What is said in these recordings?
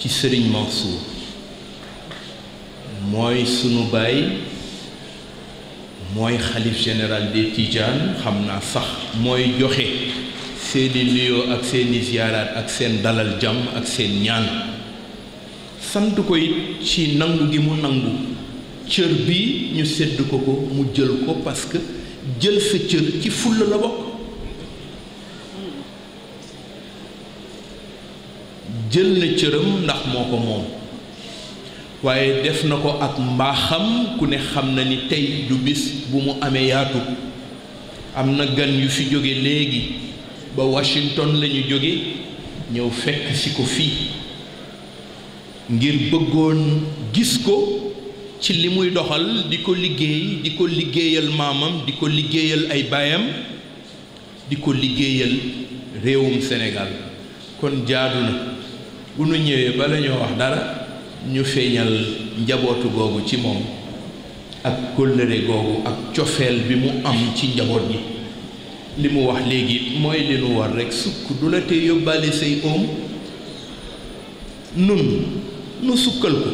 ci sëriñ Mansour mooy sunu baay mooy xalif général des Tidianes xam naa sax mooy joxe seeni nuyoo ak seeni ziyaaraat ak seen dalal jàmm ak seen ñaan sant ko it ci nangu gi mu nangu cër bi ñu sedd ko ko mu jël ko parce que jël sa cër ci fulla la bokk jël na cëram ndax moo ko moom waaye def na ko ak mbaaxam ku ne xam na ni tey du bis bu mu amee yaatu am na gan yu fi jóge léegi ba Washington lañu jóge ñëw fekk si ko fii ngir bëggoon gis ko ci li muy doxal di ko liggéey di ko liggéeyal maamam di ko liggéeyal ay baayam di ko liggéeyal réewum Sénégal kon jaadu na bu nu ñëwee bala ñoo wax dara ñu feeñal njabootu googu ci moom ak kóllëre googu ak cofeel bi mu am ci njaboot gi li mu wax léegi mooy li war rekk sukk du la te yóbbaale say oom nun nu sukkal ko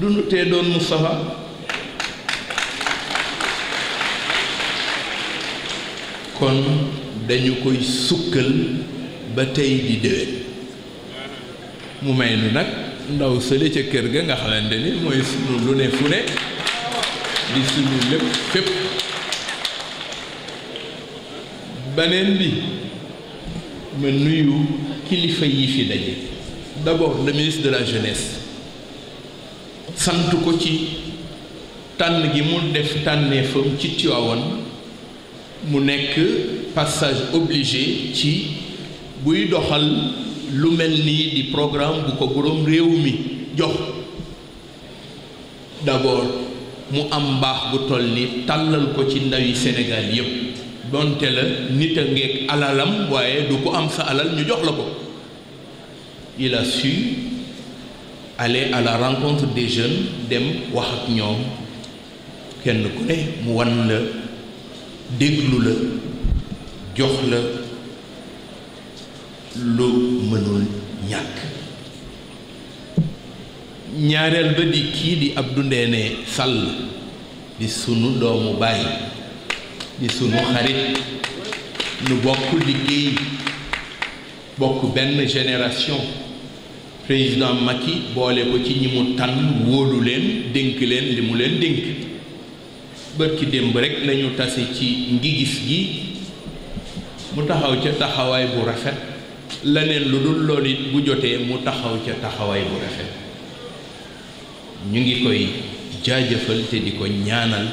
du nu tee doon Moustapha kon dañu koy sukkal ba tey di déwén mu may nu nag ndaw sële ca kër ga nga xamante ni mooy sunu lu ne fu ne di sunu lépp fépp beneen bi ma nuyu kilifa yi fi daje d'abord le de la jeunesse sant ko ci tànn gi mu def tànneefam ci Tiwaawan mu nekk passage obligé ci buy doxal lu mel nii di programme bu ko boroom réew mi jox d'abord mu am mbaax bu toll ni tàllal ko ci ndawi Sénégal yépp donte la nit a ngeeg alalam waaye du ko am sa alal ñu jox la ko il a su ale à rencontre des jeunes dem wax ak ñoom kenn ku ne mu wan la déglu la jox la lu mënul ñàkk ñaareel ba di kii di Abdou Ndéné Sall di sunu doomu baay di sunu xarit nu bokk liggéey bokk benn génération président Macky boole ko ci ñi mu tànn wóolu leen dénk leen li mu leen dénk bërki démb rekk lañu tase ci ngi gi mu taxaw ca taxawaay bu rafet leneen lu dul loolu bu jotee mu taxaw ca taxawaay bu rafet ñu ngi koy jaajëfal te di ko ñaanal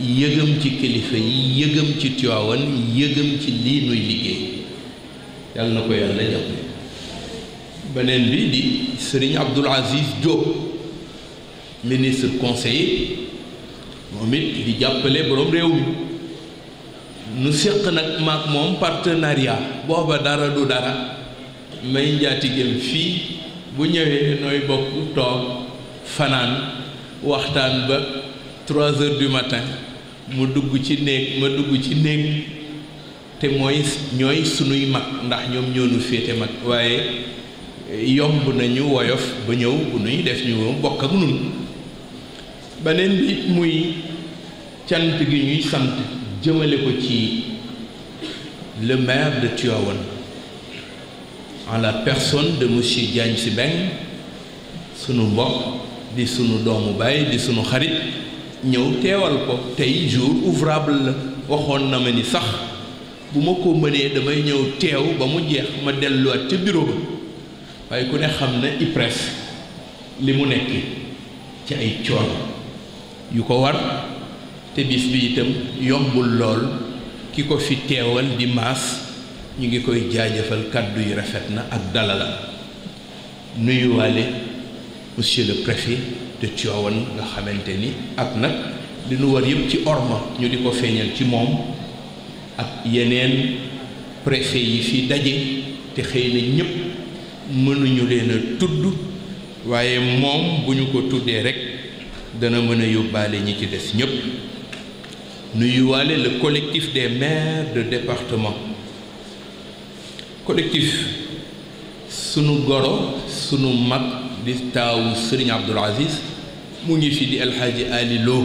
yëgam ci kilifa yi yëgam ci Tiwaawan yëgam ci lii nuy liggéey yàlla na ko yàlla jàppale beneen bi di sëriñ Abdoul Aziz Diop ministre conseiller moom it di jàppale borom réew mi nu séq nag maak moom partenariat booba dara du dara may njaatigéem fii bu ñëwee nooy bokk toog fanaan waxtaan ba trois heures du matin mu dugg ci néeg ma dugg ci néeg te mooy ñooy sunuy mag ndax ñoom ñoo nu féete mag waaye yomb nañu woyof ba ñëw bu nuy def ñu bokk ak nun beneen bi muy cant gi ñuy sant jëmale ko ci le maire de Tivaouane en la personne de monsieur Diagne Sy Mbengue sunu mbokk di sunu doomu baay di sunu xarit ñëw teewal ko tey jour ouvrable la waxoon na ma ni sax bu ma ko mënee damay ñëw teew ba mu jeex ma delluwaat ca bureau waaye ku ne xam na IPRES li mu nekk ci ay coono yu ko war te bis bi itam yombul lool ki ko fi teewal di maas ñu ngi koy jaajëfal kàddu yi rafet na ak dalala nuyuwaale monsieur le préfet de Tivaouane nga xamante ni ak nag li nu war yëpp ci orma ñu di ko feeñal ci moom ak yeneen préfet yi fi daje te xëy na ñëpp mënuñu leen a tudd waaye moom bu ñu ko tuddee rekk dana mën a yóbbaale ñi ci des ñëpp nuyuwaale le collectif des maires de département collectif sunu goro sunu mag di taawu Serigne Abdoul Aziz mu ngi fi di El Hadji Lo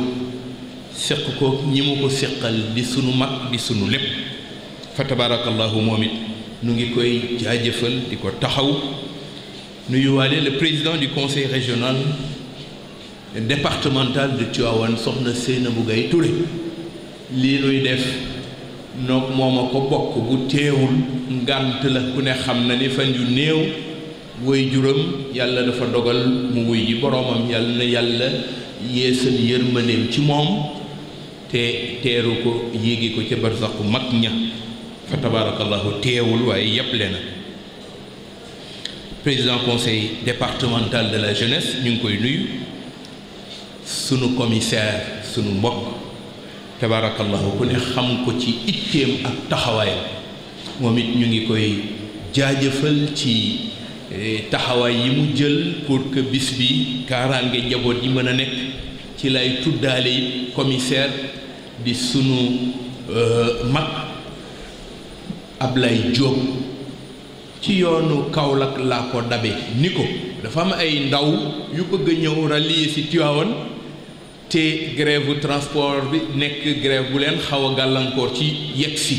seq ko ñi mu ko seqal di sunu mag di sunu lépp fa tabarakallahu moom it mu ngi koy jaajëfal di ko taxaw nuyuwaale le président du conseil régional départemental de Tivaouane soxna Seynabou Gaye Touré lii nuy def noog moom a ko bokk bu teewul ngànt la ku ne xam na ni fan yu néew woy juram yàlla dafa dogal mu wuy ji boroomam yàlla na yàlla yeesal yërmandeem ci moom te teeru ko yéegi ko ca barsaxu mag ña fa tabarakallahu teewul waaye yàpple na président conseil départemental de la jeunesse ñu ngi koy nuyu sunu commissaire sunu mbokk tabaarakallahu ku ne xam ko ci itteem ak taxawaayam moom it ñu ngi koy jaajëfal ci eh, taxawaay yi mu jël pour que bi kaaraange njaboot yi mën a nekk ci lay tuddaale it commissaire di sunu eh, mag Ablaye Diop ci yoonu Kaolack laa ko dabe ni ko dafa am ay ndaw yu bëgg a ñëw rallier si Tivaouane te grève transport bi nekk grève bu leen xaw a gàllankoor ci yegg si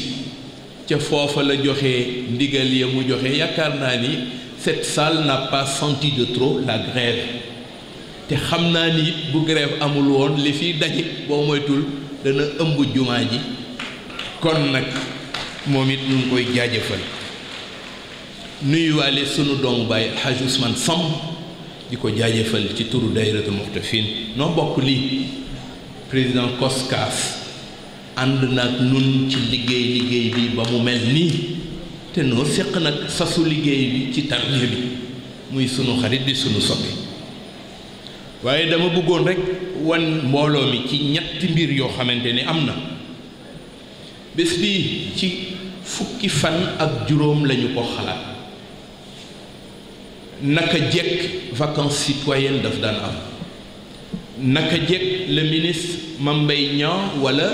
ca foofa la joxe ndigal ya mu joxe yaakaar naa ni cette salle n'a pas senti de trop la grève te xam naa ni bu grève amul woon li fiy daje boo moytul dana ëmb jumaa ji kon nag moom it ñu ngi koy jaajëfal nuyuwaale sunu doomu baay Hadj Ousmane di ko jaajëfal ci turu dayratu muxtafin noo bokk lii président koskaas ànd nag nun ci liggéey liggéey bi ba mu mel nii te noo séq nag sasu liggéey bi ci tarbiya bi muy sunu xarit di sunu soppi waaye dama bëggoon rekk wan mbooloo mi ci ñetti mbir yoo xamante ni am na bés bii ci fukki fan ak juróom lañu ko xalaat naka jekk vacances citoyennes daf daan am naka jekk le ministre Mame Mbaye Niang wala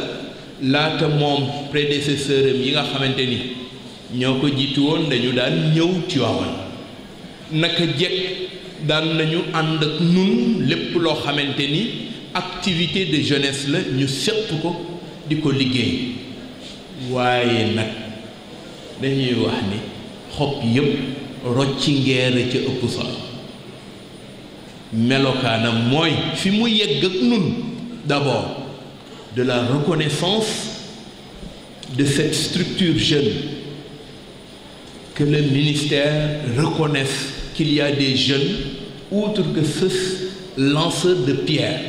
laata moom prédécesseur am yi nga xamante ni ñoo ko jiitu woon dañu daan ñëw Tiwaawan naka jekk daan nañu ànd ak nun lépp loo xamante ni activité de jeunesse la ñu séq ko di ko liggéey waaye nag dañuy wax ni xob yépp rocci ngeer a ca ëpp solo melokaanam mooy fi mu yegg ak nun d'abord de la reconnaissance de cette structure jeune que le ministère reconnaisse qu'il y a des jeunes outre que ceux lanceurs de pierre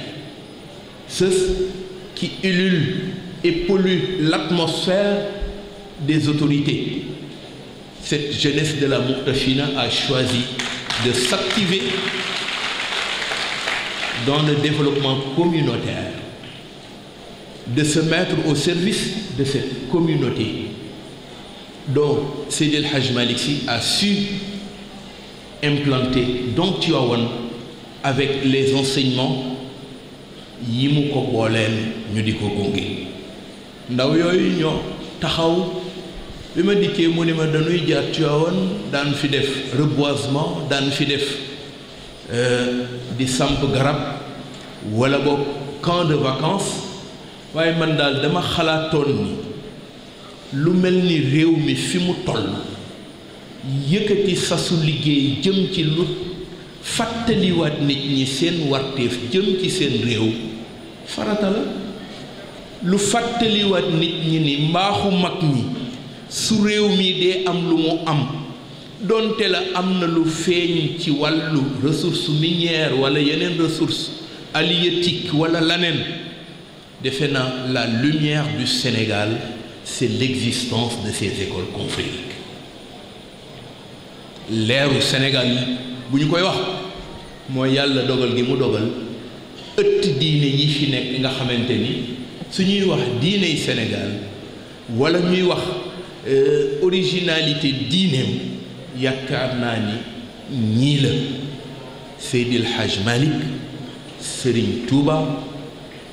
ceux qui ululent et polluent l'atmosphère des autorités cette jeunesse de la Moustachina a choisi de s'activer dans le développement communautaire, de se mettre au service de cette communauté donc Seydi El Hadj si à a su implanter donc Tivaouane avec les enseignements yi mu ko booleen ñu di ko gunge ndaw yooyu ñoo taxaw bi ma dikkee mu ne ma dañuy jaar Tivaouane daan fi def reboisement daan fi def Euh, di samp garab wala boog camp de vacances waaye man daal dama xalaatoon ni lu mel ni réew mi fi mu toll yëkkati sasu liggéey jëm ci lu fàttaliwaat nit ñi seen warteef jëm ci seen réew farata la lu fàttaliwaat nit ñi ni mbaaxu mag ñi su réew mi dee am lu mu am donte la am na lu feeñ ci wàllu ressource minière wala yeneen ressource halieutique wala laneen defe na la lumière du Sénégal c'est l'existence de ces écoles confrériques leeru Sénégal bu ñu koy wax mooy yàlla dogal gi mu dogal ëtt diine yi fi nekk nga xamante ni su ñuy wax diiney Sénégal wala ñuy wax euh, originalité diineem yàkkaar naa ni ñii la Seydil Hadj Malick Serigne Touba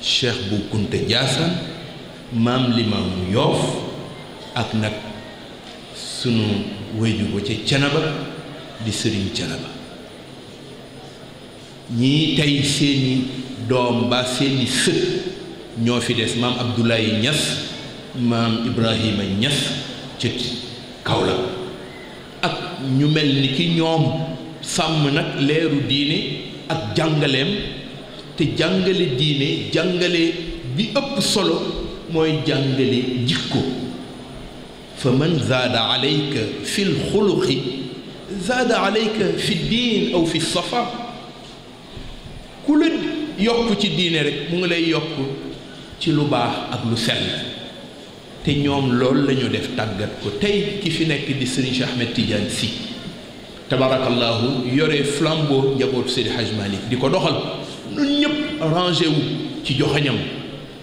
Cheikh Bou Kounta Ndiassane maam Limaamu Yoof ak nag sunu wéju ko ca Canaba di sëriñ Canaba ñii tey seeni doom ba seeni sët ñoo fi des maam Abdoulaye Niass maam Ibrahima Niass ci Kaolack ak ñu mel ni ki ñoom sàmm nag leeru diine ak jàngaleem te jàngale diine jàngale bi ëpp solo mooy jàngale jikko fa man zaada alayka fi lxuluqi zaada alayka fi diin aw fi safa ku la yokk ci diine rek mu ngi lay yokk ci lu baax ak lu sell te ñoom loolu la def tàggat ko tey ki fi nekk di Serigne Cheikh Ahmed Tidiane Sy tabarakallahu yore flambo njabootu Seydi Hadj Malick di ko doxal ñun ñëpp rangé wu ci joxañam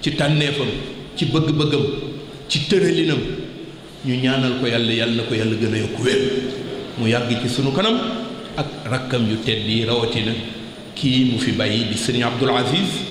ci tànneefam ci bëgg-bëggam ci tëralinam ñu ñaanal ko yàlla yàlla na ko yàlla gën a yokk wér mu yàgg ci sunu kanam ak rakkam yu tedd yi rawatina kii mu fi bàyyi di Serigne Abdoul Aziz